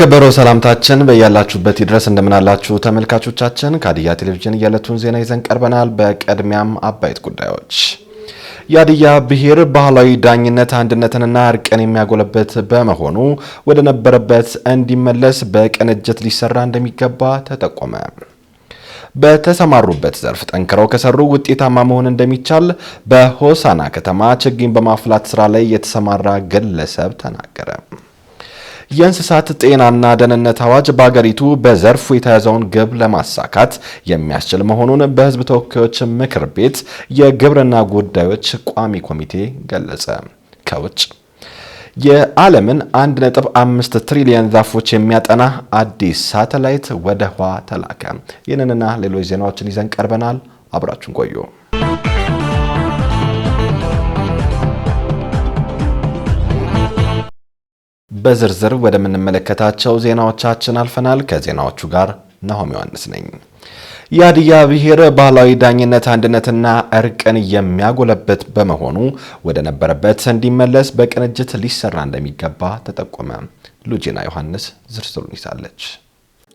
የከበረው ሰላምታችን በያላችሁበት ይድረስ። እንደምናላችሁ ተመልካቾቻችን፣ ሀዲያ ቴሌቪዥን የዕለቱን ዜና ይዘን ቀርበናል። በቅድሚያም አበይት ጉዳዮች የሀዲያ ብሔር ባህላዊ ዳኝነት አንድነትንና እርቅን የሚያጎለበት በመሆኑ ወደ ነበረበት እንዲመለስ በቅንጅት ሊሰራ እንደሚገባ ተጠቆመ። በተሰማሩበት ዘርፍ ጠንክረው ከሰሩ ውጤታማ መሆን እንደሚቻል በሆሳና ከተማ ችግኝ በማፍላት ስራ ላይ የተሰማራ ግለሰብ ተናገረ። የእንስሳት ጤናና ደህንነት አዋጅ በአገሪቱ በዘርፉ የተያዘውን ግብ ለማሳካት የሚያስችል መሆኑን በሕዝብ ተወካዮች ምክር ቤት የግብርና ጉዳዮች ቋሚ ኮሚቴ ገለጸ። ከውጭ የዓለምን 1.5 ትሪሊየን ዛፎች የሚያጠና አዲስ ሳተላይት ወደ ህዋ ተላከ። ይህንንና ሌሎች ዜናዎችን ይዘን ቀርበናል። አብራችሁን ቆዩ። በዝርዝር ወደምንመለከታቸው ዜናዎቻችን አልፈናል። ከዜናዎቹ ጋር ናሆም ዮሐንስ ነኝ። የሀዲያ ብሔር ባህላዊ ዳኝነት አንድነትና እርቅን የሚያጎለበት በመሆኑ ወደ ነበረበት እንዲመለስ በቅንጅት ሊሰራ እንደሚገባ ተጠቆመ። ሉጂና ዮሐንስ ዝርዝሩን ይዛለች።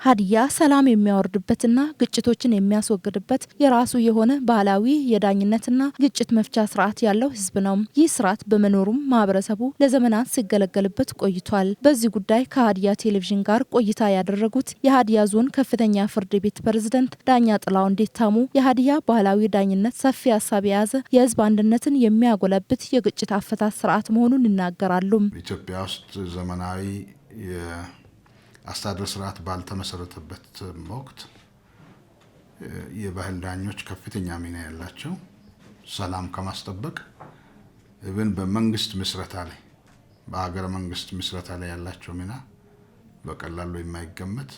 ሀዲያ ሰላም የሚያወርድበትና ግጭቶችን የሚያስወግድበት የራሱ የሆነ ባህላዊ የዳኝነትና ግጭት መፍቻ ስርዓት ያለው ህዝብ ነው። ይህ ስርዓት በመኖሩም ማህበረሰቡ ለዘመናት ሲገለገልበት ቆይቷል። በዚህ ጉዳይ ከሀዲያ ቴሌቪዥን ጋር ቆይታ ያደረጉት የሀዲያ ዞን ከፍተኛ ፍርድ ቤት ፕሬዝደንት ዳኛ ጥላው እንዴታሙ የሀዲያ ባህላዊ ዳኝነት ሰፊ ሀሳብ የያዘ የህዝብ አንድነትን የሚያጎለብት የግጭት አፈታት ስርዓት መሆኑን ይናገራሉ። ኢትዮጵያ ውስጥ ዘመናዊ አስተዳደር ስርዓት ባልተመሰረተበት ወቅት የባህል ዳኞች ከፍተኛ ሚና ያላቸው ሰላም ከማስጠበቅ ብን በመንግስት ምስረታ ላይ በሀገረ መንግስት ምስረታ ላይ ያላቸው ሚና በቀላሉ የማይገመት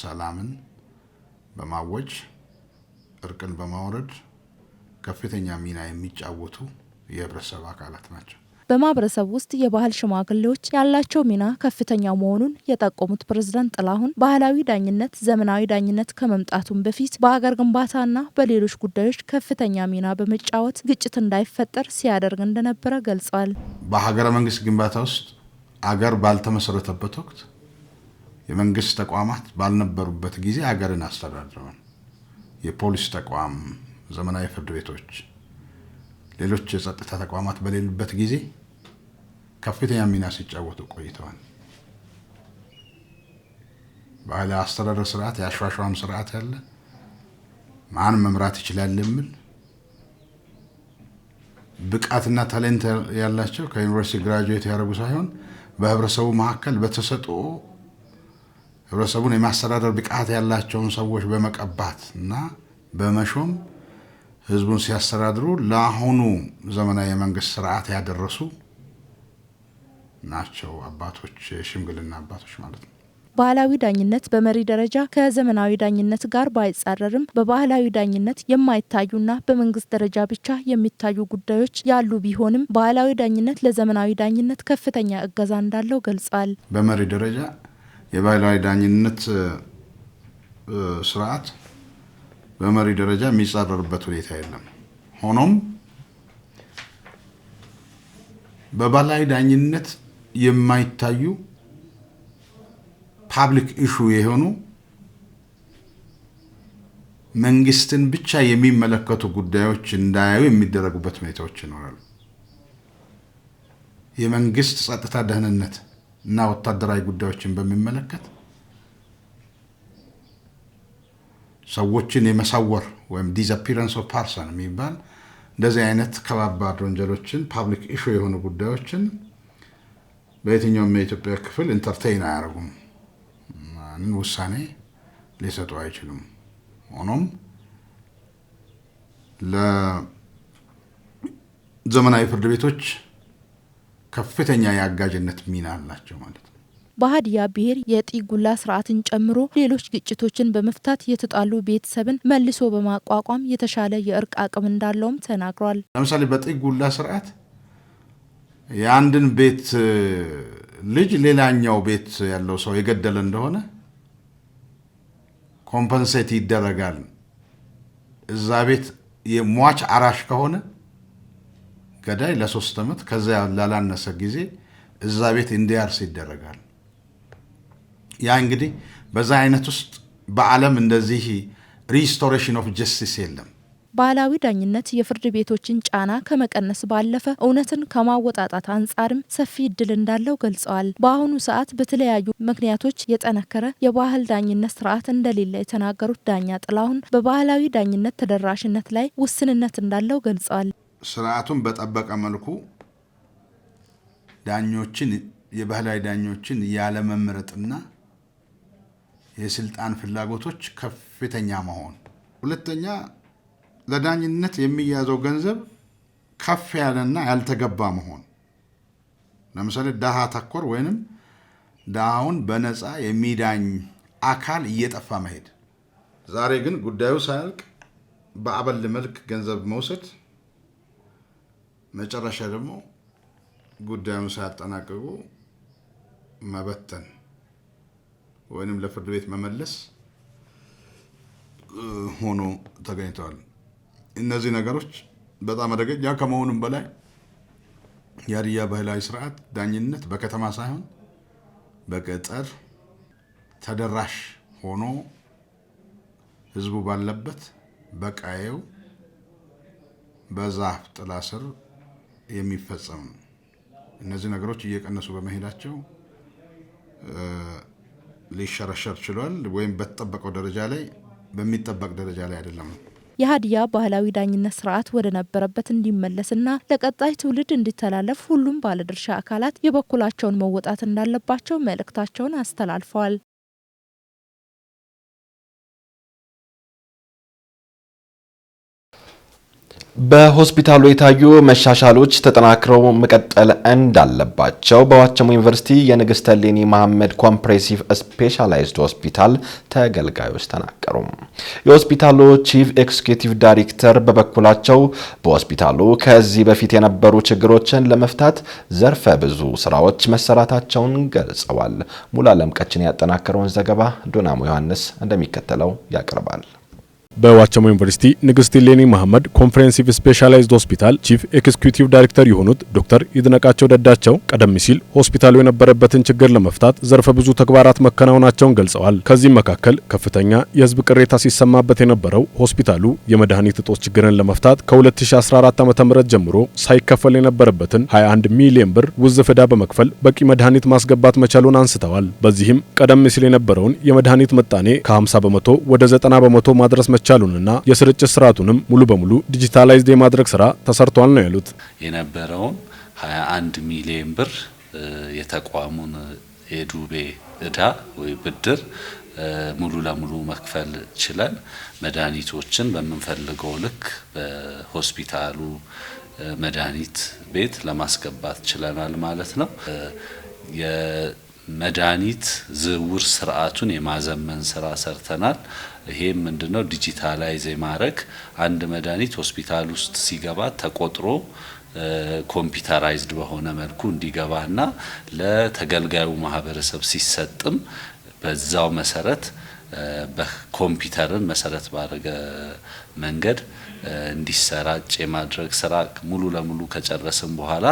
ሰላምን በማወጅ እርቅን በማውረድ ከፍተኛ ሚና የሚጫወቱ የህብረተሰብ አካላት ናቸው። በማህበረሰብ ውስጥ የባህል ሽማግሌዎች ያላቸው ሚና ከፍተኛ መሆኑን የጠቆሙት ፕሬዝዳንት ጥላሁን ባህላዊ ዳኝነት ዘመናዊ ዳኝነት ከመምጣቱም በፊት በሀገር ግንባታና በሌሎች ጉዳዮች ከፍተኛ ሚና በመጫወት ግጭት እንዳይፈጠር ሲያደርግ እንደነበረ ገልጿል። በሀገረ መንግስት ግንባታ ውስጥ አገር ባልተመሰረተበት ወቅት የመንግስት ተቋማት ባልነበሩበት ጊዜ አገርን አስተዳድረዋል። የፖሊስ ተቋም፣ ዘመናዊ ፍርድ ቤቶች፣ ሌሎች የጸጥታ ተቋማት በሌሉበት ጊዜ ከፍተኛ ሚና ሲጫወቱ ቆይተዋል። ባለ አስተዳደር ስርዓት የአሸዋሸዋም ስርዓት ያለ ማን መምራት ይችላል የሚል ብቃትና ታሌንት ያላቸው ከዩኒቨርሲቲ ግራጁዌት ያደረጉ ሳይሆን በህብረተሰቡ መካከል በተሰጥኦ ህብረተሰቡን የማስተዳደር ብቃት ያላቸውን ሰዎች በመቀባት እና በመሾም ህዝቡን ሲያስተዳድሩ ለአሁኑ ዘመናዊ የመንግስት ስርዓት ያደረሱ ናቸው አባቶች፣ የሽምግልና አባቶች ማለት ነው። ባህላዊ ዳኝነት በመሪ ደረጃ ከዘመናዊ ዳኝነት ጋር ባይጻረርም በባህላዊ ዳኝነት የማይታዩና በመንግስት ደረጃ ብቻ የሚታዩ ጉዳዮች ያሉ ቢሆንም ባህላዊ ዳኝነት ለዘመናዊ ዳኝነት ከፍተኛ እገዛ እንዳለው ገልጿል። በመሪ ደረጃ የባህላዊ ዳኝነት ስርዓት በመሪ ደረጃ የሚጻረርበት ሁኔታ የለም። ሆኖም በባህላዊ ዳኝነት የማይታዩ ፓብሊክ ኢሹ የሆኑ መንግስትን ብቻ የሚመለከቱ ጉዳዮች እንዳያዩ የሚደረጉበት ሁኔታዎች ይኖራሉ። የመንግስት ጸጥታ፣ ደህንነት እና ወታደራዊ ጉዳዮችን በሚመለከት ሰዎችን የመሰወር ወይም ዲስአፒረንስ ኦፍ ፓርሰን የሚባል እንደዚህ አይነት ከባባድ ወንጀሎችን ፓብሊክ ኢሹ የሆኑ ጉዳዮችን በየትኛውም የኢትዮጵያ ክፍል ኢንተርቴይን አያደርጉም። ማንን ውሳኔ ሊሰጡ አይችሉም። ሆኖም ለዘመናዊ ፍርድ ቤቶች ከፍተኛ የአጋዥነት ሚና አላቸው ማለት ነው። በሀዲያ ብሔር የጢጉላ ስርዓትን ጨምሮ ሌሎች ግጭቶችን በመፍታት የተጣሉ ቤተሰብን መልሶ በማቋቋም የተሻለ የእርቅ አቅም እንዳለውም ተናግሯል። ለምሳሌ በጢጉላ ስርዓት የአንድን ቤት ልጅ ሌላኛው ቤት ያለው ሰው የገደለ እንደሆነ ኮምፐንሴት ይደረጋል። እዛ ቤት የሟች አራሽ ከሆነ ገዳይ ለሶስት ዓመት ከዚያ ላላነሰ ጊዜ እዛ ቤት እንዲያርስ ይደረጋል። ያ እንግዲህ በዛ አይነት ውስጥ በዓለም እንደዚህ ሪስቶሬሽን ኦፍ ጀስቲስ የለም። ባህላዊ ዳኝነት የፍርድ ቤቶችን ጫና ከመቀነስ ባለፈ እውነትን ከማወጣጣት አንጻርም ሰፊ እድል እንዳለው ገልጸዋል። በአሁኑ ሰዓት በተለያዩ ምክንያቶች የጠነከረ የባህል ዳኝነት ስርዓት እንደሌለ የተናገሩት ዳኛ ጥላሁን በባህላዊ ዳኝነት ተደራሽነት ላይ ውስንነት እንዳለው ገልጸዋል። ስርዓቱን በጠበቀ መልኩ ዳኞችን የባህላዊ ዳኞችን ያለመምረጥና የስልጣን ፍላጎቶች ከፍተኛ መሆን ሁለተኛ ለዳኝነት የሚያዘው ገንዘብ ከፍ ያለና ያልተገባ መሆን ለምሳሌ ዳሃ ተኮር ወይንም ዳሃውን በነፃ የሚዳኝ አካል እየጠፋ መሄድ። ዛሬ ግን ጉዳዩ ሳያልቅ በአበል መልክ ገንዘብ መውሰድ፣ መጨረሻ ደግሞ ጉዳዩን ሳያጠናቅቁ መበተን ወይንም ለፍርድ ቤት መመለስ ሆኖ ተገኝተዋል። እነዚህ ነገሮች በጣም አደገኛ ከመሆኑም በላይ የሀዲያ ባህላዊ ስርዓት ዳኝነት በከተማ ሳይሆን በገጠር ተደራሽ ሆኖ ህዝቡ ባለበት በቃየው በዛፍ ጥላ ስር የሚፈጸም ነው። እነዚህ ነገሮች እየቀነሱ በመሄዳቸው ሊሸረሸር ችሏል፣ ወይም በተጠበቀው ደረጃ ላይ በሚጠበቅ ደረጃ ላይ አይደለም። የሀዲያ ባህላዊ ዳኝነት ስርዓት ወደ ነበረበት እንዲመለስና ለቀጣይ ትውልድ እንዲተላለፍ ሁሉም ባለድርሻ አካላት የበኩላቸውን መወጣት እንዳለባቸው መልእክታቸውን አስተላልፈዋል። በሆስፒታሉ የታዩ መሻሻሎች ተጠናክረው መቀጠል እንዳለባቸው በዋቸሞ ዩኒቨርሲቲ የንግስተ ሌኒ መሐመድ ኮምፕሬሲቭ ስፔሻላይዝድ ሆስፒታል ተገልጋዮች ተናገሩ። የሆስፒታሉ ቺፍ ኤክስኪዩቲቭ ዳይሬክተር በበኩላቸው በሆስፒታሉ ከዚህ በፊት የነበሩ ችግሮችን ለመፍታት ዘርፈ ብዙ ስራዎች መሰራታቸውን ገልጸዋል። ሙሉ አለም ያጠናከረውን ዘገባ ዶናሙ ዮሐንስ እንደሚከተለው ያቀርባል። በዋቸሞ ዩኒቨርሲቲ ንግስት ሌኒ መሐመድ ኮንፈረንሲቭ ስፔሻላይዝድ ሆስፒታል ቺፍ ኤክስኪዩቲቭ ዳይሬክተር የሆኑት ዶክተር ይድነቃቸው ደዳቸው ቀደም ሲል ሆስፒታሉ የነበረበትን ችግር ለመፍታት ዘርፈ ብዙ ተግባራት መከናወናቸውን ገልጸዋል። ከዚህም መካከል ከፍተኛ የህዝብ ቅሬታ ሲሰማበት የነበረው ሆስፒታሉ የመድኃኒት እጦት ችግርን ለመፍታት ከ2014 ዓ ም ጀምሮ ሳይከፈል የነበረበትን 21 ሚሊዮን ብር ውዝፍ ዕዳ በመክፈል በቂ መድኃኒት ማስገባት መቻሉን አንስተዋል። በዚህም ቀደም ሲል የነበረውን የመድኃኒት ምጣኔ ከ50 በመቶ ወደ 90 በመቶ ማድረስ ማስቻሉን የስርጭት ስርዓቱንም ሙሉ በሙሉ ዲጂታላይዝድ የማድረግ ስራ ተሰርቷል ነው ያሉት። የነበረውን 21 ሚሊዮን ብር የተቋሙን የዱቤ እዳ ወይ ብድር ሙሉ ለሙሉ መክፈል ችለን መድኃኒቶችን በምንፈልገው ልክ በሆስፒታሉ መድኃኒት ቤት ለማስገባት ችለናል ማለት ነው። የመድኃኒት ዝውውር ስርዓቱን የማዘመን ስራ ሰርተናል። ይሄም ምንድነው ዲጂታላይዝ የማድረግ አንድ መድኃኒት ሆስፒታል ውስጥ ሲገባ ተቆጥሮ ኮምፒውተራይዝድ በሆነ መልኩ እንዲገባና ለተገልጋዩ ማህበረሰብ ሲሰጥም በዛው መሰረት በኮምፒውተርን መሰረት ባደረገ መንገድ እንዲሰራጭ የማድረግ ስራ ሙሉ ለሙሉ ከጨረስን በኋላ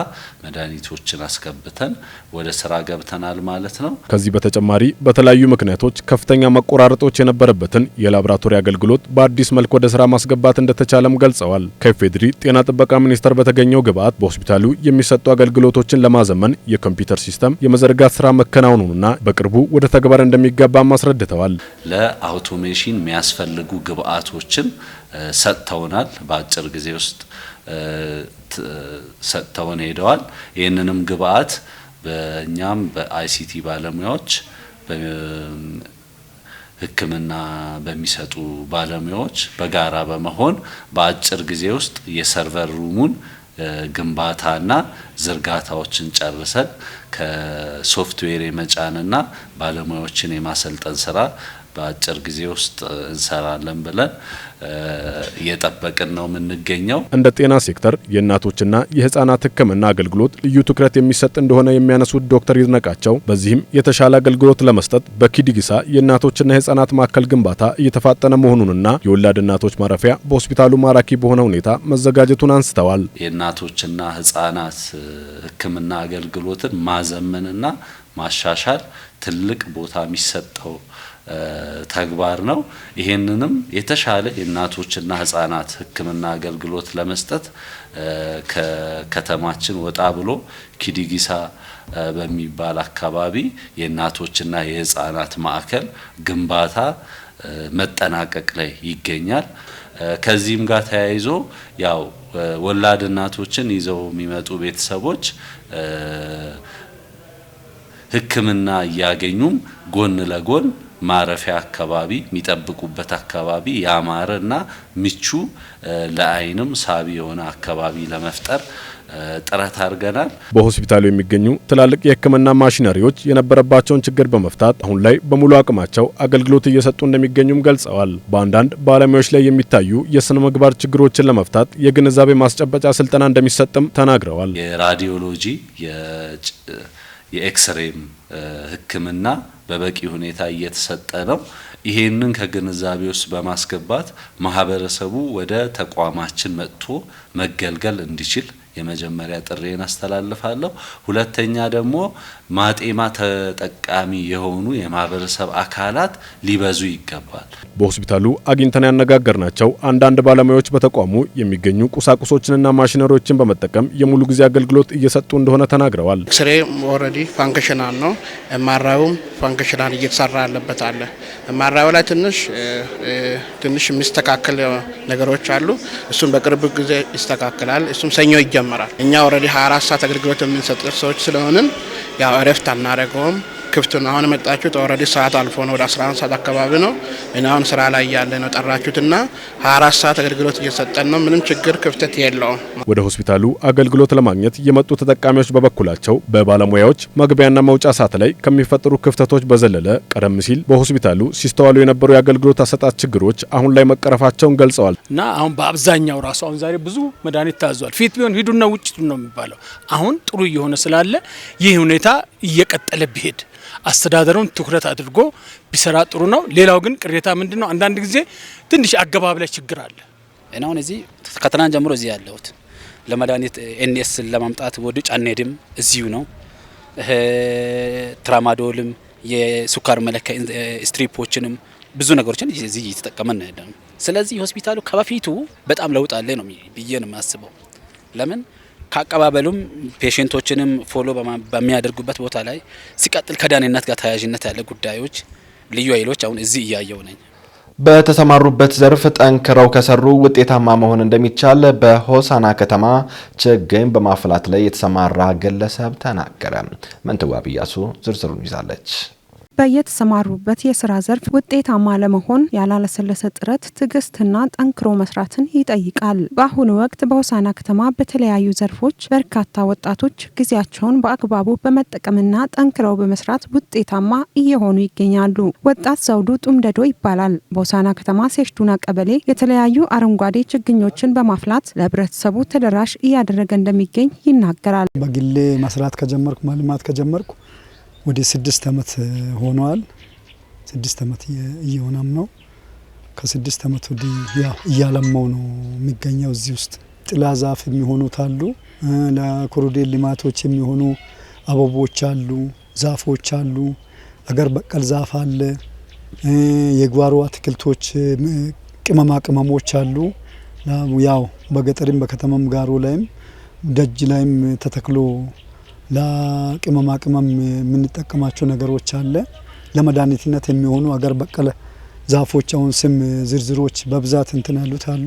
መድኃኒቶችን አስገብተን ወደ ስራ ገብተናል ማለት ነው። ከዚህ በተጨማሪ በተለያዩ ምክንያቶች ከፍተኛ መቆራረጦች የነበረበትን የላብራቶሪ አገልግሎት በአዲስ መልክ ወደ ስራ ማስገባት እንደተቻለም ገልጸዋል። ከኢፌዴሪ ጤና ጥበቃ ሚኒስቴር በተገኘው ግብዓት በሆስፒታሉ የሚሰጡ አገልግሎቶችን ለማዘመን የኮምፒውተር ሲስተም የመዘርጋት ስራ መከናወኑንና በቅርቡ ወደ ተግባር እንደሚገባም አስረድተዋል። ለአውቶሜሽን የሚያስፈልጉ ግብአቶችን ሰጥተውናል። በአጭር ጊዜ ውስጥ ሰጥተውን ሄደዋል። ይህንንም ግብአት በእኛም በአይሲቲ ባለሙያዎች ሕክምና በሚሰጡ ባለሙያዎች በጋራ በመሆን በአጭር ጊዜ ውስጥ የሰርቨር ሩሙን ግንባታና ዝርጋታዎችን ጨርሰን ከሶፍትዌር የመጫንና ባለሙያዎችን የማሰልጠን ስራ በአጭር ጊዜ ውስጥ እንሰራለን ብለን እየጠበቅን ነው የምንገኘው። እንደ ጤና ሴክተር የእናቶችና የህጻናት ሕክምና አገልግሎት ልዩ ትኩረት የሚሰጥ እንደሆነ የሚያነሱት ዶክተር ይድነቃቸው በዚህም የተሻለ አገልግሎት ለመስጠት በኪድጊሳ የእናቶችና የህጻናት ማዕከል ግንባታ እየተፋጠነ መሆኑንና የወላድ እናቶች ማረፊያ በሆስፒታሉ ማራኪ በሆነ ሁኔታ መዘጋጀቱን አንስተዋል። የእናቶችና ህጻናት ሕክምና አገልግሎትን ማዘመንና ማሻሻል ትልቅ ቦታ የሚሰጠው ተግባር ነው። ይሄንንም የተሻለ የእናቶችና ህጻናት ህክምና አገልግሎት ለመስጠት ከከተማችን ወጣ ብሎ ኪዲጊሳ በሚባል አካባቢ የእናቶችና የህጻናት ማዕከል ግንባታ መጠናቀቅ ላይ ይገኛል። ከዚህም ጋር ተያይዞ ያው ወላድ እናቶችን ይዘው የሚመጡ ቤተሰቦች ህክምና እያገኙም ጎን ለጎን ማረፊያ አካባቢ የሚጠብቁበት አካባቢ ያማረ እና ምቹ ለአይንም ሳቢ የሆነ አካባቢ ለመፍጠር ጥረት አድርገናል። በሆስፒታሉ የሚገኙ ትላልቅ የሕክምና ማሽነሪዎች የነበረባቸውን ችግር በመፍታት አሁን ላይ በሙሉ አቅማቸው አገልግሎት እየሰጡ እንደሚገኙም ገልጸዋል። በአንዳንድ ባለሙያዎች ላይ የሚታዩ የስነ ምግባር ችግሮችን ለመፍታት የግንዛቤ ማስጨበጫ ስልጠና እንደሚሰጥም ተናግረዋል። የራዲዮሎጂ የኤክስሬም ህክምና በበቂ ሁኔታ እየተሰጠ ነው። ይሄንን ከግንዛቤ ውስጥ በማስገባት ማህበረሰቡ ወደ ተቋማችን መጥቶ መገልገል እንዲችል የመጀመሪያ ጥሬን አስተላልፋለሁ። ሁለተኛ ደግሞ ማጤማ ተጠቃሚ የሆኑ የማህበረሰብ አካላት ሊበዙ ይገባል። በሆስፒታሉ አግኝተን ያነጋገርናቸው አንዳንድ ባለሙያዎች በተቋሙ የሚገኙ ቁሳቁሶችንና ማሽነሪዎችን በመጠቀም የሙሉ ጊዜ አገልግሎት እየሰጡ እንደሆነ ተናግረዋል። ስሬ ኦልሬዲ ፋንክሽናል ነው። ማራዩም ፋንክሽናል እየተሰራ ያለበት አለ። ማራዩ ላይ ትንሽ ትንሽ የሚስተካከል ነገሮች አሉ። እሱም በቅርብ ጊዜ ይስተካከላል። እሱም ሰኞ ይጀምራል። ይጨመራል። እኛ ኦልሬዲ 24 ሰዓት አገልግሎት የምንሰጥ ሰዎች ስለሆንን ያው እረፍት አናደርገውም። ክፍት ነው። አሁን የመጣችሁት ኦልሬዲ ሰዓት አልፎ ነው፣ ወደ 11 ሰዓት አካባቢ ነው። እኔ አሁን ስራ ላይ ያለ ነው ጠራችሁትና 24 ሰዓት አገልግሎት እየሰጠን ነው። ምንም ችግር ክፍተት የለውም። ወደ ሆስፒታሉ አገልግሎት ለማግኘት የመጡ ተጠቃሚዎች በበኩላቸው በባለሙያዎች መግቢያና መውጫ ሰዓት ላይ ከሚፈጠሩ ክፍተቶች በዘለለ ቀደም ሲል በሆስፒታሉ ሲስተዋሉ የነበሩ የአገልግሎት አሰጣት ችግሮች አሁን ላይ መቀረፋቸውን ገልጸዋል። እና አሁን በአብዛኛው ራሱ አሁን ዛሬ ብዙ መድኃኒት ታዟል። ፊት ቢሆን ሂዱና ውጭ ነው የሚባለው። አሁን ጥሩ እየሆነ ስላለ ይህ ሁኔታ እየቀጠለ ቢሄድ አስተዳደሩን ትኩረት አድርጎ ቢሰራ ጥሩ ነው። ሌላው ግን ቅሬታ ምንድን ነው? አንዳንድ ጊዜ ትንሽ አገባብ ላይ ችግር አለ። እኔ አሁን እዚህ ከትናንት ጀምሮ እዚህ ያለሁት ለመድኃኒት ኤንኤስ ለማምጣት ወደ ጫኔድም እዚሁ ነው። ትራማዶልም የሱካር መለኪያ ስትሪፖችንም ብዙ ነገሮችን እዚህ እየተጠቀመን ነው ስለዚህ ሆስፒታሉ ከበፊቱ በጣም ለውጥ አለ ነው ብዬ ነው የማስበው ለምን ከአቀባበሉም ፔሽንቶችንም ፎሎ በሚያደርጉበት ቦታ ላይ ሲቀጥል ከዳኔነት ጋር ተያያዥነት ያለ ጉዳዮች ልዩ ኃይሎች አሁን እዚህ እያየው ነኝ። በተሰማሩበት ዘርፍ ጠንክረው ከሰሩ ውጤታማ መሆን እንደሚቻል በሆሳና ከተማ ችግኝ በማፍላት ላይ የተሰማራ ግለሰብ ተናገረ። ምንትዋብ እያሱ ዝርዝሩን ይዛለች። በየተሰማሩበት የስራ ዘርፍ ውጤታማ ለመሆን ያላለሰለሰ ጥረት፣ ትዕግስትና ጠንክሮ መስራትን ይጠይቃል። በአሁኑ ወቅት በሆሳና ከተማ በተለያዩ ዘርፎች በርካታ ወጣቶች ጊዜያቸውን በአግባቡ በመጠቀምና ጠንክረው በመስራት ውጤታማ እየሆኑ ይገኛሉ። ወጣት ዘውዱ ጡምደዶ ይባላል። በሆሳና ከተማ ሴሽዱና ቀበሌ የተለያዩ አረንጓዴ ችግኞችን በማፍላት ለህብረተሰቡ ተደራሽ እያደረገ እንደሚገኝ ይናገራል። በግሌ መስራት ከጀመርኩ መልማት ከጀመርኩ ወደ ስድስት ዓመት ሆኗል። ስድስት ዓመት እየሆነም ነው። ከስድስት ዓመት ወዲህ እያለማው ነው የሚገኘው። እዚህ ውስጥ ጥላ ዛፍ የሚሆኑት አሉ፣ ለኮሪደር ልማቶች የሚሆኑ አበቦች አሉ፣ ዛፎች አሉ፣ አገር በቀል ዛፍ አለ፣ የጓሮ አትክልቶች፣ ቅመማ ቅመሞች አሉ። ያው በገጠርም በከተማም ጋሮ ላይም ደጅ ላይም ተተክሎ ለቅመማ ቅመም የምንጠቀማቸው ነገሮች አለ። ለመድኃኒትነት የሚሆኑ አገር በቀለ ዛፎች አሁን ስም ዝርዝሮች በብዛት እንትን ያሉት አሉ።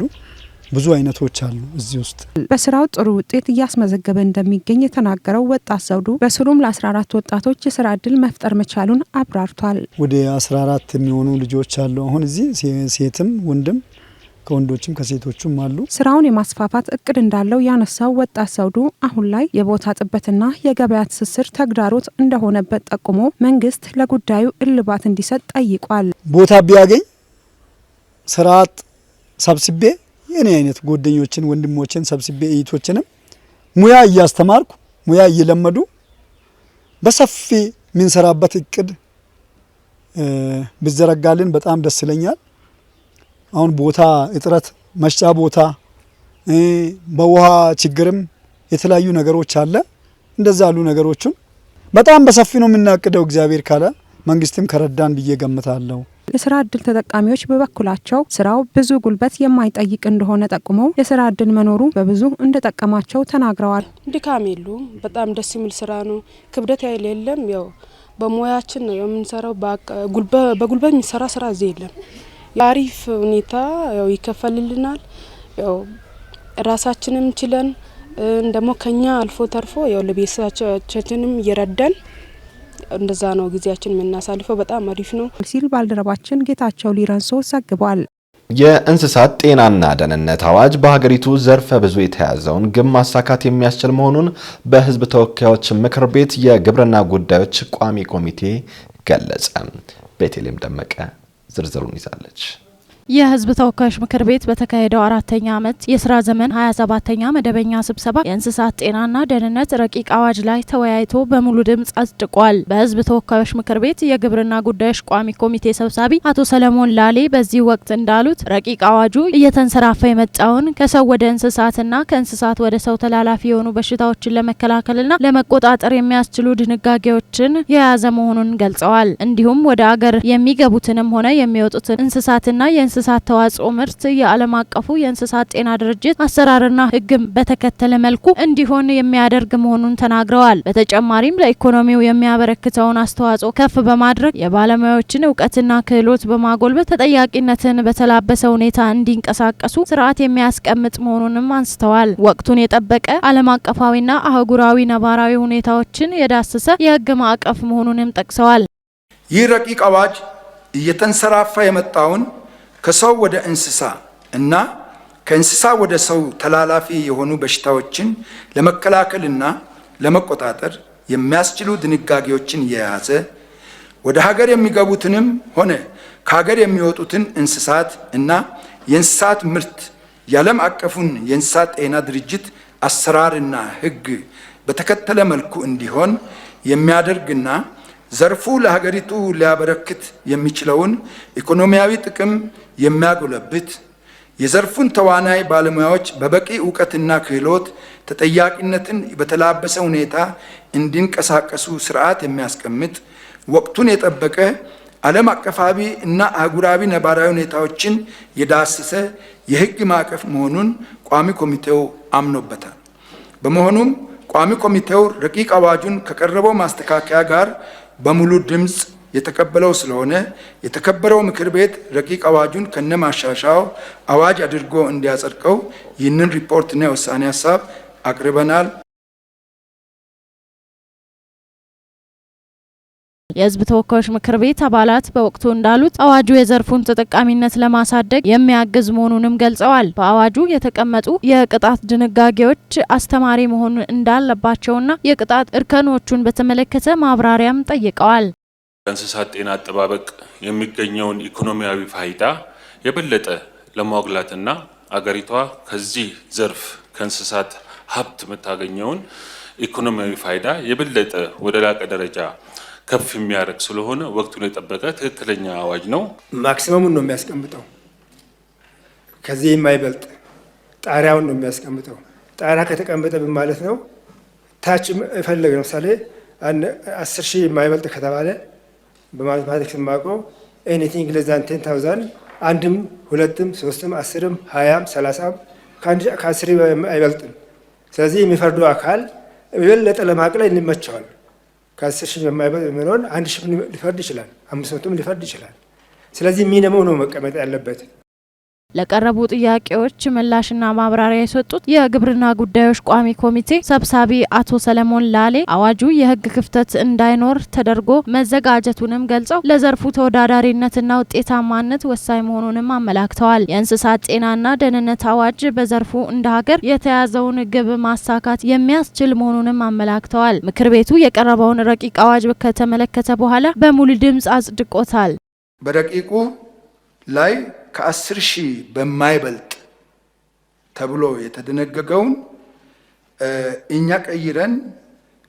ብዙ አይነቶች አሉ እዚህ ውስጥ። በስራው ጥሩ ውጤት እያስመዘገበ እንደሚገኝ የተናገረው ወጣት ዘውዱ በስሩም ለ14 ወጣቶች የስራ እድል መፍጠር መቻሉን አብራርቷል። ወደ 14 የሚሆኑ ልጆች አሉ አሁን እዚህ ሴትም ወንድም ከወንዶችም ከሴቶችም አሉ። ስራውን የማስፋፋት እቅድ እንዳለው ያነሳው ወጣት ሰውዱ አሁን ላይ የቦታ ጥበትና የገበያ ትስስር ተግዳሮት እንደሆነበት ጠቁሞ መንግስት ለጉዳዩ እልባት እንዲሰጥ ጠይቋል። ቦታ ቢያገኝ ስርዓት ሰብስቤ የኔ አይነት ጓደኞችን ወንድሞችን ሰብስቤ እይቶችንም ሙያ እያስተማርኩ ሙያ እየለመዱ በሰፊ የምንሰራበት እቅድ ብዘረጋልን በጣም ደስ ይለኛል። አሁን ቦታ እጥረት፣ መስጫ ቦታ፣ በውሃ ችግርም የተለያዩ ነገሮች አለ። እንደዛ ያሉ ነገሮችን በጣም በሰፊ ነው የምናቅደው እግዚአብሔር ካለ መንግስትም ከረዳን ብዬ ገምታለሁ። የስራ እድል ተጠቃሚዎች በበኩላቸው ስራው ብዙ ጉልበት የማይጠይቅ እንደሆነ ጠቁመው የስራ እድል መኖሩ በብዙ እንደጠቀማቸው ተናግረዋል። ድካም የሉም። በጣም ደስ የሚል ስራ ነው። ክብደት ያይል የለም። ያው በሙያችን ነው የምንሰራው። በጉልበት የሚሰራ ስራ እዚህ የለም። አሪፍ ሁኔታ ያው ይከፈልልናል። ያው ራሳችንም ችለን ደግሞ ከኛ አልፎ ተርፎ ያው ለቤተሰቦቻችንም እየረዳን እንደዛ ነው ጊዜያችን የምናሳልፈው። በጣም አሪፍ ነው ሲል ባልደረባችን ጌታቸው ሊረንሶ ዘግቧል። የእንስሳት ጤናና ደህንነት አዋጅ በሀገሪቱ ዘርፈ ብዙ የተያዘውን ግብ ማሳካት የሚያስችል መሆኑን በሕዝብ ተወካዮች ምክር ቤት የግብርና ጉዳዮች ቋሚ ኮሚቴ ገለጸ። ቤቴሌም ደመቀ ዝርዝሩን ይዛለች። የህዝብ ተወካዮች ምክር ቤት በተካሄደው አራተኛ ዓመት የስራ ዘመን ሀያ ሰባተኛ መደበኛ ስብሰባ የእንስሳት ጤናና ደህንነት ረቂቅ አዋጅ ላይ ተወያይቶ በሙሉ ድምፅ አጽድቋል። በህዝብ ተወካዮች ምክር ቤት የግብርና ጉዳዮች ቋሚ ኮሚቴ ሰብሳቢ አቶ ሰለሞን ላሌ በዚህ ወቅት እንዳሉት ረቂቅ አዋጁ እየተንሰራፋ የመጣውን ከሰው ወደ እንስሳትና ከእንስሳት ወደ ሰው ተላላፊ የሆኑ በሽታዎችን ለመከላከልና ለመቆጣጠር የሚያስችሉ ድንጋጌዎችን የያዘ መሆኑን ገልጸዋል። እንዲሁም ወደ አገር የሚገቡትንም ሆነ የሚወጡትን እንስሳትና የእንስሳት ተዋጽኦ ምርት የዓለም አቀፉ የእንስሳት ጤና ድርጅት አሰራርና ሕግን በተከተለ መልኩ እንዲሆን የሚያደርግ መሆኑን ተናግረዋል። በተጨማሪም ለኢኮኖሚው የሚያበረክተውን አስተዋጽኦ ከፍ በማድረግ የባለሙያዎችን እውቀትና ክህሎት በማጎልበት ተጠያቂነትን በተላበሰ ሁኔታ እንዲንቀሳቀሱ ስርዓት የሚያስቀምጥ መሆኑንም አንስተዋል። ወቅቱን የጠበቀ ዓለም አቀፋዊና አህጉራዊ ነባራዊ ሁኔታዎችን የዳሰሰ የሕግ ማዕቀፍ መሆኑንም ጠቅሰዋል። ይህ ረቂቅ አዋጅ እየተንሰራፋ የመጣውን ከሰው ወደ እንስሳ እና ከእንስሳ ወደ ሰው ተላላፊ የሆኑ በሽታዎችን ለመከላከልና ለመቆጣጠር የሚያስችሉ ድንጋጌዎችን የያዘ ወደ ሀገር የሚገቡትንም ሆነ ከሀገር የሚወጡትን እንስሳት እና የእንስሳት ምርት የዓለም አቀፉን የእንስሳት ጤና ድርጅት አሰራርና ሕግ በተከተለ መልኩ እንዲሆን የሚያደርግና ዘርፉ ለሀገሪቱ ሊያበረክት የሚችለውን ኢኮኖሚያዊ ጥቅም የሚያጎለብት የዘርፉን ተዋናይ ባለሙያዎች በበቂ እውቀትና ክህሎት ተጠያቂነትን በተላበሰ ሁኔታ እንዲንቀሳቀሱ ስርዓት የሚያስቀምጥ ወቅቱን የጠበቀ ዓለም አቀፋዊ እና አህጉራዊ ነባራዊ ሁኔታዎችን የዳሰሰ የሕግ ማዕቀፍ መሆኑን ቋሚ ኮሚቴው አምኖበታል። በመሆኑም ቋሚ ኮሚቴው ረቂቅ አዋጁን ከቀረበው ማስተካከያ ጋር በሙሉ ድምፅ የተቀበለው ስለሆነ የተከበረው ምክር ቤት ረቂቅ አዋጁን ከነማሻሻያው አዋጅ አድርጎ እንዲያጸድቀው ይህንን ሪፖርትና የውሳኔ ሀሳብ አቅርበናል። የሕዝብ ተወካዮች ምክር ቤት አባላት በወቅቱ እንዳሉት አዋጁ የዘርፉን ተጠቃሚነት ለማሳደግ የሚያግዝ መሆኑንም ገልጸዋል። በአዋጁ የተቀመጡ የቅጣት ድንጋጌዎች አስተማሪ መሆኑን እንዳለባቸውና የቅጣት እርከኖቹን በተመለከተ ማብራሪያም ጠይቀዋል። የእንስሳት ጤና አጠባበቅ የሚገኘውን ኢኮኖሚያዊ ፋይዳ የበለጠ ለማጉላትና አገሪቷ ከዚህ ዘርፍ ከእንስሳት ሀብት የምታገኘውን ኢኮኖሚያዊ ፋይዳ የበለጠ ወደ ላቀ ደረጃ ከፍ የሚያደርግ ስለሆነ ወቅቱን የጠበቀ ትክክለኛ አዋጅ ነው። ማክሲመሙን ነው የሚያስቀምጠው። ከዚህ የማይበልጥ ጣሪያውን ነው የሚያስቀምጠው። ጣሪያ ከተቀመጠ ምን ማለት ነው? ታች ፈለግ ለምሳሌ አስር ሺህ የማይበልጥ ከተባለ በማቴማቲክስ የማውቀው ኤኒቲንግ ለዛን ቴን ታውዛንድ አንድም ሁለትም ሶስትም አስርም ሀያም ሰላሳም ከአስር አይበልጥም። ስለዚህ የሚፈርዱ አካል የበለጠ ለማቅለል እንመቸዋል። ከአስር ሺህ የማይበልጥ አንድ ሺህ ሊፈርድ ይችላል፣ አምስት መቶም ሊፈርድ ይችላል። ስለዚህ ሚኒመም ነው መቀመጥ ያለበት። ለቀረቡ ጥያቄዎች ምላሽና ማብራሪያ የሰጡት የግብርና ጉዳዮች ቋሚ ኮሚቴ ሰብሳቢ አቶ ሰለሞን ላሌ አዋጁ የሕግ ክፍተት እንዳይኖር ተደርጎ መዘጋጀቱንም ገልጸው ለዘርፉ ተወዳዳሪነትና ውጤታማነት ወሳኝ መሆኑንም አመላክተዋል። የእንስሳት ጤናና ደህንነት አዋጅ በዘርፉ እንደ ሀገር የተያዘውን ግብ ማሳካት የሚያስችል መሆኑንም አመላክተዋል። ምክር ቤቱ የቀረበውን ረቂቅ አዋጅ ከተመለከተ በኋላ በሙሉ ድምፅ አጽድቆታል። በረቂቁ ላይ ከአስር ሺህ በማይበልጥ ተብሎ የተደነገገውን እኛ ቀይረን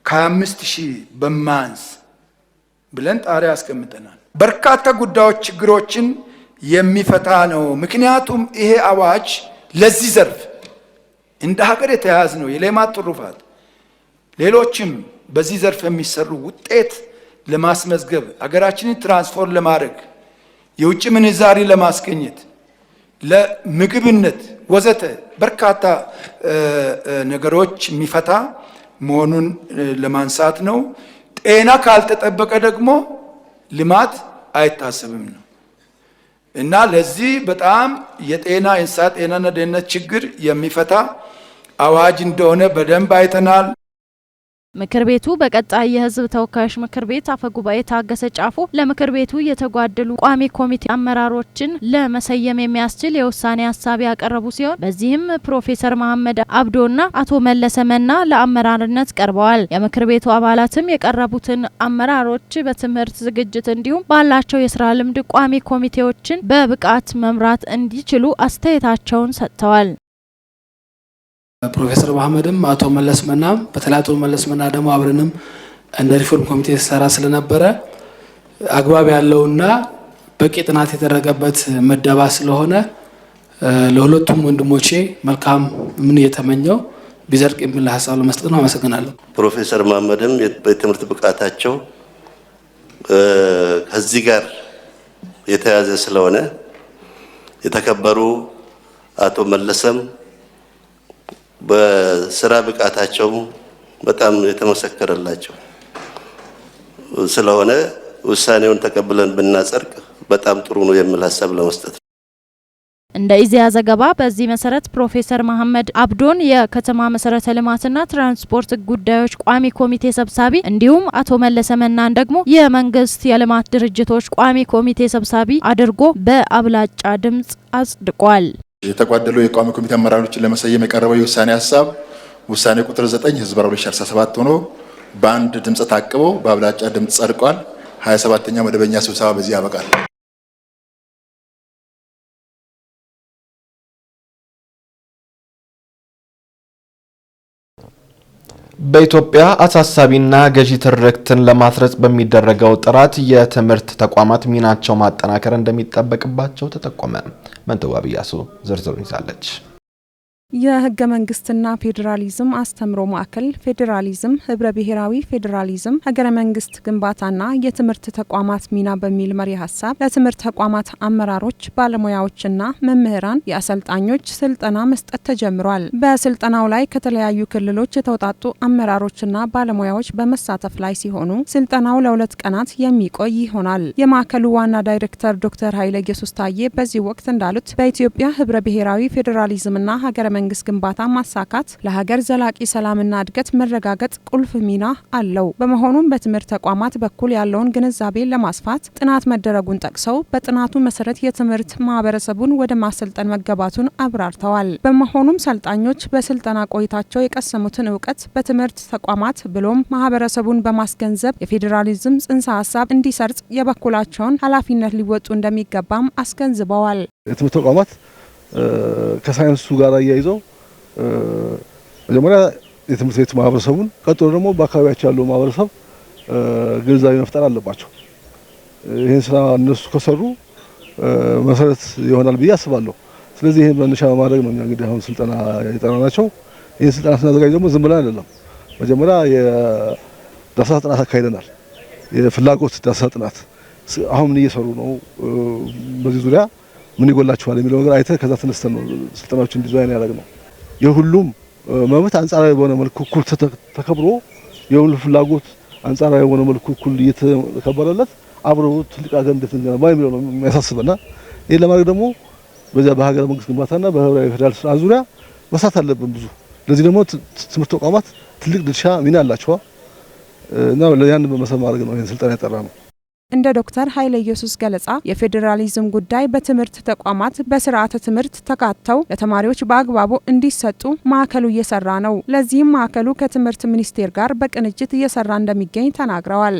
ከአምስት ሺህ በማንስ ብለን ጣሪያ አስቀምጠናል። በርካታ ጉዳዮች፣ ችግሮችን የሚፈታ ነው። ምክንያቱም ይሄ አዋጅ ለዚህ ዘርፍ እንደ ሀገር የተያያዝ ነው። የሌማት ትሩፋት፣ ሌሎችም በዚህ ዘርፍ የሚሰሩ ውጤት ለማስመዝገብ ሀገራችንን ትራንስፎርም ለማድረግ የውጭ ምንዛሪ ለማስገኘት ለምግብነት ወዘተ በርካታ ነገሮች የሚፈታ መሆኑን ለማንሳት ነው። ጤና ካልተጠበቀ ደግሞ ልማት አይታሰብም ነው እና ለዚህ በጣም የጤና የእንስሳት ጤናና ደህንነት ችግር የሚፈታ አዋጅ እንደሆነ በደንብ አይተናል። ምክር ቤቱ በቀጣይ የህዝብ ተወካዮች ምክር ቤት አፈ ጉባኤ ታገሰ ጫፎ ለምክር ቤቱ የተጓደሉ ቋሚ ኮሚቴ አመራሮችን ለመሰየም የሚያስችል የውሳኔ ሀሳብ ያቀረቡ ሲሆን በዚህም ፕሮፌሰር መሐመድ አብዶና አቶ መለሰ መና ለአመራርነት ቀርበዋል። የምክር ቤቱ አባላትም የቀረቡትን አመራሮች በትምህርት ዝግጅት እንዲሁም ባላቸው የስራ ልምድ ቋሚ ኮሚቴዎችን በብቃት መምራት እንዲችሉ አስተያየታቸውን ሰጥተዋል። ፕሮፌሰር መሐመድም አቶ መለስ መና በተለይ አቶ መለስ መና ደግሞ አብረንም እንደ ሪፎርም ኮሚቴ ሲሰራ ስለነበረ አግባብ ያለውና በቂ ጥናት የተደረገበት ምደባ ስለሆነ ለሁለቱም ወንድሞቼ መልካም ምን እየተመኘው ቢዘርቅ የሚል ሀሳብ ለመስጠት ነው። አመሰግናለሁ። ፕሮፌሰር መሐመድም በትምህርት ብቃታቸው ከዚህ ጋር የተያዘ ስለሆነ የተከበሩ አቶ መለሰም በስራ ብቃታቸው በጣም የተመሰከረላቸው ስለሆነ ውሳኔውን ተቀብለን ብናጸድቅ በጣም ጥሩ ነው የሚል ሀሳብ ለመስጠት ነው። እንደ ኢዜአ ዘገባ በዚህ መሰረት ፕሮፌሰር መሐመድ አብዶን የከተማ መሰረተ ልማትና ትራንስፖርት ጉዳዮች ቋሚ ኮሚቴ ሰብሳቢ እንዲሁም አቶ መለሰ መናን ደግሞ የመንግስት የልማት ድርጅቶች ቋሚ ኮሚቴ ሰብሳቢ አድርጎ በአብላጫ ድምጽ አጽድቋል። የተጓደሉ የቋሚ ኮሚቴ አመራሮችን ለመሰየም የቀረበው የውሳኔ ሀሳብ ውሳኔ ቁጥር 9 ህዝባዊ 2017 ሆኖ በአንድ ድምፅ ታቅቦ በአብላጫ ድምፅ ጸድቋል። 27ኛው መደበኛ ስብሰባ በዚህ ያበቃል። በኢትዮጵያ አሳሳቢና ገዢ ትርክትን ለማስረጽ በሚደረገው ጥረት የትምህርት ተቋማት ሚናቸው ማጠናከር እንደሚጠበቅባቸው ተጠቆመ። መንተዋብ እያሱ ዝርዝሩን ይዛለች። የህገ መንግስትና ፌዴራሊዝም አስተምሮ ማዕከል ፌዴራሊዝም ህብረ ብሔራዊ ፌዴራሊዝም ሀገረ መንግስት ግንባታና የትምህርት ተቋማት ሚና በሚል መሪ ሀሳብ ለትምህርት ተቋማት አመራሮች፣ ባለሙያዎችና መምህራን የአሰልጣኞች ስልጠና መስጠት ተጀምሯል። በስልጠናው ላይ ከተለያዩ ክልሎች የተውጣጡ አመራሮችና ባለሙያዎች በመሳተፍ ላይ ሲሆኑ ስልጠናው ለሁለት ቀናት የሚቆይ ይሆናል። የማዕከሉ ዋና ዳይሬክተር ዶክተር ኃይለ ኢየሱስ ታዬ በዚህ ወቅት እንዳሉት በኢትዮጵያ ህብረ ብሔራዊ ፌዴራሊዝምና ሀገረ መንግስት ግንባታ ማሳካት ለሀገር ዘላቂ ሰላምና እድገት መረጋገጥ ቁልፍ ሚና አለው። በመሆኑም በትምህርት ተቋማት በኩል ያለውን ግንዛቤ ለማስፋት ጥናት መደረጉን ጠቅሰው በጥናቱ መሰረት የትምህርት ማህበረሰቡን ወደ ማሰልጠን መገባቱን አብራርተዋል። በመሆኑም ሰልጣኞች በስልጠና ቆይታቸው የቀሰሙትን እውቀት በትምህርት ተቋማት ብሎም ማህበረሰቡን በማስገንዘብ የፌዴራሊዝም ጽንሰ ሀሳብ እንዲሰርጽ የበኩላቸውን ኃላፊነት ሊወጡ እንደሚገባም አስገንዝበዋል። የትምህርት ተቋማት ከሳይንሱ ጋር አያይዘው መጀመሪያ የትምህርት ቤት ማህበረሰቡን፣ ቀጥሎ ደግሞ በአካባቢያቸው ያለው ማህበረሰብ ግንዛቤ መፍጠር አለባቸው። ይህን ስራ እነሱ ከሰሩ መሰረት ይሆናል ብዬ አስባለሁ። ስለዚህ ይህን መነሻ በማድረግ ነው እኛ እንግዲህ አሁን ስልጠና ናቸው። ይህን ስልጠና ስናዘጋጅ ደግሞ ዝም ብለን አይደለም። መጀመሪያ የዳሰሳ ጥናት አካሂደናል። የፍላጎት ዳሰሳ ጥናት አሁን እየሰሩ ነው በዚህ ዙሪያ ምን ይጎላችኋል የሚለው ነገር አይተህ ከዛ ተነስተን ነው ስልጠናዎችን ዲዛይን ያደረግነው። የሁሉም መብት አንጻራዊ በሆነ መልኩ እኩል ተከብሮ የሁሉም ፍላጎት አንጻራዊ በሆነ መልኩ እኩል እየተከበረለት አብሮ ትልቅ ሀገር እንዴት እንገነባ የሚለው ነው የሚያሳስበና ይህን ለማድረግ ደግሞ በዚያ በሀገረ መንግስት ግንባታና በህብራዊ ፌዴራል ስራ ዙሪያ መስራት አለብን ብዙ። ለዚህ ደግሞ ትምህርት ተቋማት ትልቅ ድርሻ ሚና አላቸዋ እና ያን በመሰብ ማድረግ ነው ይህን ስልጠና ያጠራ ነው። እንደ ዶክተር ኃይለ ኢየሱስ ገለጻ የፌዴራሊዝም ጉዳይ በትምህርት ተቋማት በስርዓተ ትምህርት ተካተው ለተማሪዎች በአግባቡ እንዲሰጡ ማዕከሉ እየሰራ ነው። ለዚህም ማዕከሉ ከትምህርት ሚኒስቴር ጋር በቅንጅት እየሰራ እንደሚገኝ ተናግረዋል።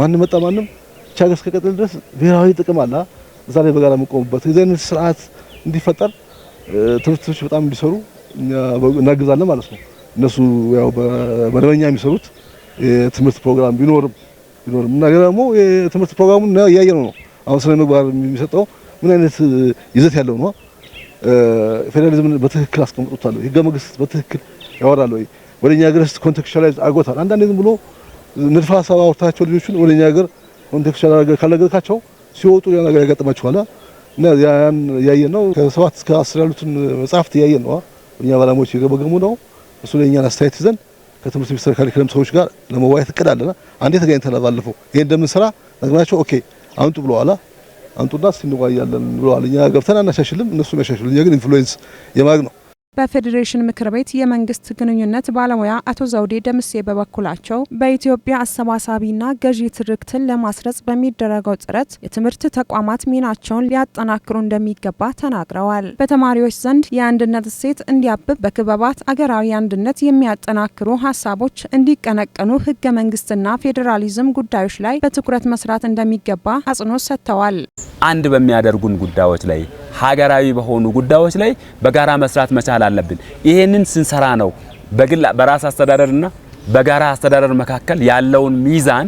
ማንም መጣ ማንም ቻገ እስከቀጥል ድረስ ብሔራዊ ጥቅም አለ። እዛ ላይ በጋራ የሚቆሙበት የዘን ስርዓት እንዲፈጠር ትምህርት ቤቶች በጣም እንዲሰሩ እናግዛለን ማለት ነው። እነሱ ያው በመደበኛ የሚሰሩት የትምህርት ፕሮግራም ቢኖርም ይኖርም እና ገና ደግሞ የትምህርት ፕሮግራሙ እያየን ነው። አሁን ስነ ምግባር የሚሰጠው ምን አይነት ይዘት ያለው ነው? ፌዴራሊዝምን በትክክል አስቀምጦታል? ህገ መንግስት በትክክል ያወራል ወይ? ወደኛ ሀገር ውስጥ ኮንቴክስቹዋላይዝ አድርጎታል? አንዳንዴ ዝም ብሎ ንድፈ ሀሳብ አውርታቸው ልጆቹን ወደኛ ሀገር ኮንቴክስቹላይዝ አድርገህ ካላገርካቸው ሲወጡ ያ ነገር ያጋጥማቸዋል። እና ያን እያየን ነው። ከሰባት እስከ አስር ያሉትን መጽሐፍት እያየን ነው። እኛ ባለሙያዎች የገመገሙ ነው። እሱ ለእኛን አስተያየት ይዘን ከትምህርት ሚኒስቴር ካሪክለም ሰዎች ጋር ለመዋየት እቅድ አለና አንዴ ተገኝተን ባለፈው ይሄን እንደምንሰራ ነግናቸው ኦኬ አምጡ ብለዋላ። አምጡና እስቲ እንዋያለን ብለዋል። እኛ ገብተን አናሻሽልም፣ እነሱ ያሻሽሉ። እኛ ግን ኢንፍሉዌንስ የማግ ነው በፌዴሬሽን ምክር ቤት የመንግስት ግንኙነት ባለሙያ አቶ ዘውዴ ደምሴ በበኩላቸው በኢትዮጵያ አሰባሳቢና ገዢ ትርክትን ለማስረጽ በሚደረገው ጥረት የትምህርት ተቋማት ሚናቸውን ሊያጠናክሩ እንደሚገባ ተናግረዋል። በተማሪዎች ዘንድ የአንድነት እሴት እንዲያብብ በክበባት አገራዊ አንድነት የሚያጠናክሩ ሀሳቦች እንዲቀነቀኑ ህገ መንግስትና ፌዴራሊዝም ጉዳዮች ላይ በትኩረት መስራት እንደሚገባ አጽንኦት ሰጥተዋል። አንድ በሚያደርጉን ጉዳዮች ላይ ሀገራዊ በሆኑ ጉዳዮች ላይ በጋራ መስራት መቻል አለብን። ይሄንን ስንሰራ ነው በግል በራስ አስተዳደርና በጋራ አስተዳደር መካከል ያለውን ሚዛን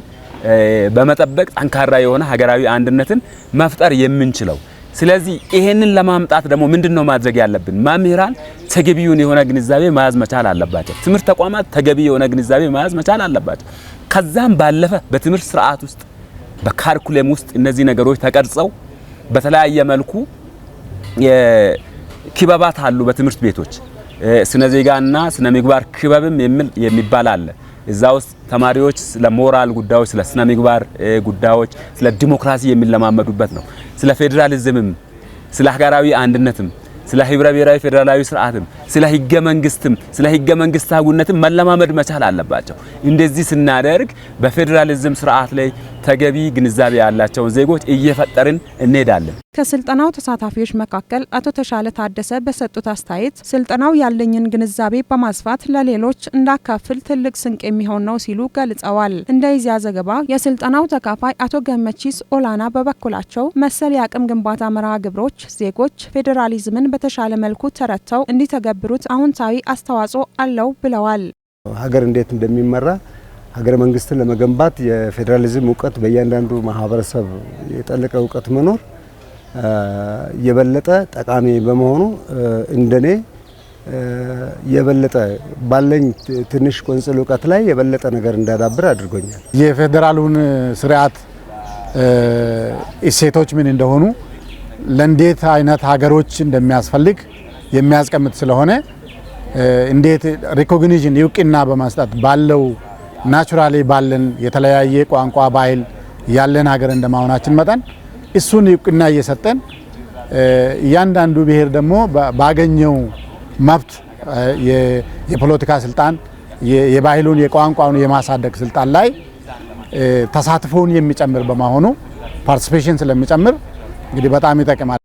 በመጠበቅ ጠንካራ የሆነ ሀገራዊ አንድነትን መፍጠር የምንችለው። ስለዚህ ይሄንን ለማምጣት ደግሞ ምንድነው ማድረግ ያለብን? መምህራን ተገቢውን የሆነ ግንዛቤ መያዝ መቻል አለባቸው። ትምህርት ተቋማት ተገቢ የሆነ ግንዛቤ መያዝ መቻል አለባቸው። ከዛም ባለፈ በትምህርት ስርዓት ውስጥ በካሪኩለም ውስጥ እነዚህ ነገሮች ተቀርጸው በተለያየ መልኩ ክበባት አሉ በትምህርት ቤቶች ስነ ዜጋና ስነ ምግባር ክበብም የሚባል አለ። እዛ ውስጥ ተማሪዎች ስለ ሞራል ጉዳዮች፣ ስለ ስነ ምግባር ጉዳዮች፣ ስለ ዲሞክራሲ የሚለማመዱበት ነው። ስለ ፌዴራሊዝምም፣ ስለ ሀገራዊ አንድነትም፣ ስለ ህብረ ብሔራዊ ፌዴራላዊ ስርዓትም ስለ ህገ መንግስትም ስለ ህገ መንግስት አጉነትም መለማመድ መቻል አለባቸው። እንደዚህ ስናደርግ በፌዴራሊዝም ስርዓት ላይ ተገቢ ግንዛቤ ያላቸውን ዜጎች እየፈጠርን እንሄዳለን። ከስልጠናው ተሳታፊዎች መካከል አቶ ተሻለ ታደሰ በሰጡት አስተያየት ስልጠናው ያለኝን ግንዛቤ በማስፋት ለሌሎች እንዳካፍል ትልቅ ስንቅ የሚሆን ነው ሲሉ ገልጸዋል። እንደ ኢዜአ ዘገባ የስልጠናው ተካፋይ አቶ ገመቺስ ኦላና በበኩላቸው መሰል የአቅም ግንባታ መርሃ ግብሮች ዜጎች ፌዴራሊዝምን በተሻለ መልኩ ተረድተው እንዲተገብ ለሚያዳብሩት አዎንታዊ አስተዋጽኦ አለው ብለዋል። ሀገር እንዴት እንደሚመራ ሀገረ መንግስትን ለመገንባት የፌዴራሊዝም እውቀት በእያንዳንዱ ማህበረሰብ የጠለቀ እውቀት መኖር የበለጠ ጠቃሚ በመሆኑ እንደኔ የበለጠ ባለኝ ትንሽ ቁንጽል እውቀት ላይ የበለጠ ነገር እንዳዳብር አድርጎኛል። የፌዴራሉን ስርዓት እሴቶች ምን እንደሆኑ ለእንዴት አይነት ሀገሮች እንደሚያስፈልግ የሚያስቀምጥ ስለሆነ እንዴት ሪኮግኒሽን እውቅና በመስጠት ባለው ናቹራሊ ባለን የተለያየ ቋንቋ ባህል ያለን ሀገር እንደመሆናችን መጠን እሱን እውቅና እየሰጠን እያንዳንዱ ብሔር ደግሞ ባገኘው መብት የፖለቲካ ስልጣን የባህሉን የቋንቋውን የማሳደግ ስልጣን ላይ ተሳትፎውን የሚጨምር በመሆኑ ፓርቲስፔሽን ስለሚጨምር እንግዲህ በጣም ይጠቅማል።